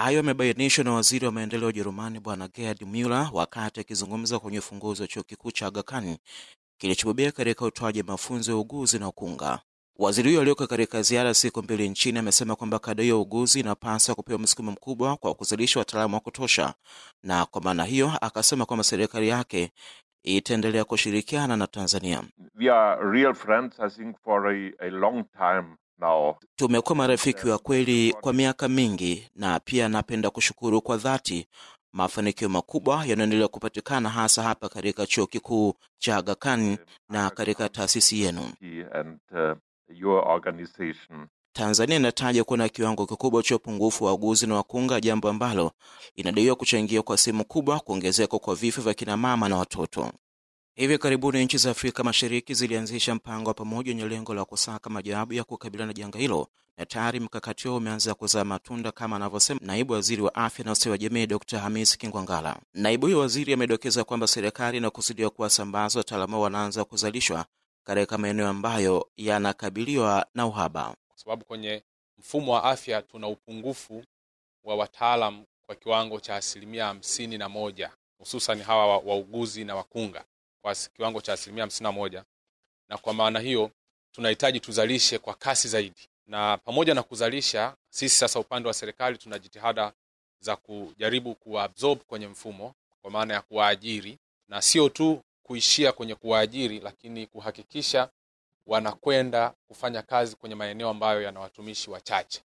Hayo yamebainishwa na waziri wa maendeleo ya Ujerumani Bwana Gerd Muller wakati akizungumza kwenye ufunguzi wa chuo kikuu cha Aga Khan kilichobobea katika utoaji mafunzo ya uguzi na ukunga. Waziri huyo aliyoko katika ziara siku mbili nchini amesema kwamba kada hiyo uguzi inapaswa kupewa msukumo mkubwa kwa kuzalisha wataalamu wa kutosha, na kwa maana hiyo akasema kwamba serikali yake itaendelea kushirikiana na Tanzania. We are real friends, I think for a, a long time nao. Tumekuwa marafiki wa kweli kwa miaka mingi, na pia napenda kushukuru kwa dhati mafanikio makubwa yanaendelea kupatikana hasa hapa katika chuo kikuu cha Aga Khan na katika taasisi yenu. Uh, Tanzania inataja kuwa na kiwango kikubwa cha upungufu wa wauguzi na wakunga, jambo ambalo inadaiwa kuchangia kwa sehemu kubwa kuongezeka kwa vifo vya kinamama na watoto. Hivi karibuni nchi za Afrika Mashariki zilianzisha mpango wa pamoja wenye lengo la kusaka majawabu ya kukabiliana na janga hilo, na tayari mkakati huo umeanza kuzaa matunda, kama anavyosema naibu waziri wa afya na ustawi wa jamii dr Hamis Kingwangala. Naibu huyo waziri amedokeza kwamba serikali inakusudia kuwasambaza wataalamu wanaanza kuzalishwa katika maeneo ambayo yanakabiliwa na uhaba, kwa sababu kwenye mfumo wa afya tuna upungufu wa wataalam kwa kiwango cha asilimia hamsini na moja hususan hawa wauguzi na wakunga kwa kiwango cha asilimia hamsini na moja na kwa maana hiyo tunahitaji tuzalishe kwa kasi zaidi, na pamoja na kuzalisha, sisi sasa upande wa serikali tuna jitihada za kujaribu kuwaabsorb kwenye mfumo, kwa maana ya kuwaajiri na sio tu kuishia kwenye kuwaajiri, lakini kuhakikisha wanakwenda kufanya kazi kwenye maeneo ambayo yana watumishi wachache,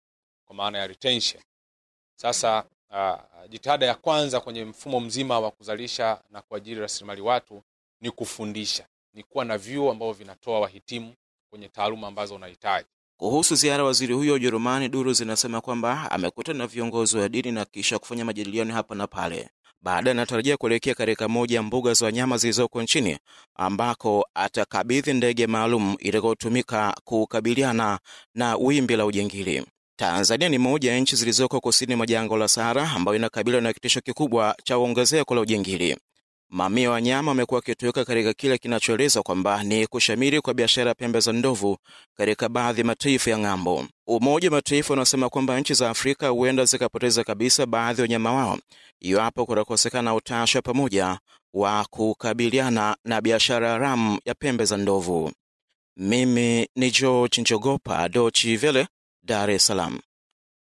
kwa maana ya retention. Sasa uh, jitihada ya kwanza kwenye mfumo mzima wa kuzalisha na kuajiri rasilimali watu ni kufundisha, ni kuwa na vyuo ambavyo vinatoa wahitimu kwenye taaluma ambazo unahitaji. Kuhusu ziara waziri huyo Ujerumani, duru zinasema kwamba amekutana na viongozi wa dini na kisha kufanya majadiliano hapa na pale. Baadaye anatarajia kuelekea katika moja ya mbuga za wanyama zilizoko nchini ambako atakabidhi ndege maalum itakayotumika kukabiliana na wimbi la ujingili Tanzania ni moja ya nchi zilizoko kusini mwa jango la Sahara ambayo inakabiliwa na kitisho kikubwa cha ongezeko la ujingili Mamia wanyama wamekuwa wakitoweka katika kile kinachoelezwa kwamba ni kushamiri kwa biashara ya pembe za ndovu katika baadhi ya mataifa ya ng'ambo. Umoja wa Mataifa unasema kwamba nchi za Afrika huenda zikapoteza kabisa baadhi ya wanyama wao iwapo kutakosekana utashi wa pamoja wa kukabiliana na biashara haramu ya pembe za ndovu. Mimi ni George Njogopa, Dochi Vele, Dar es Salaam.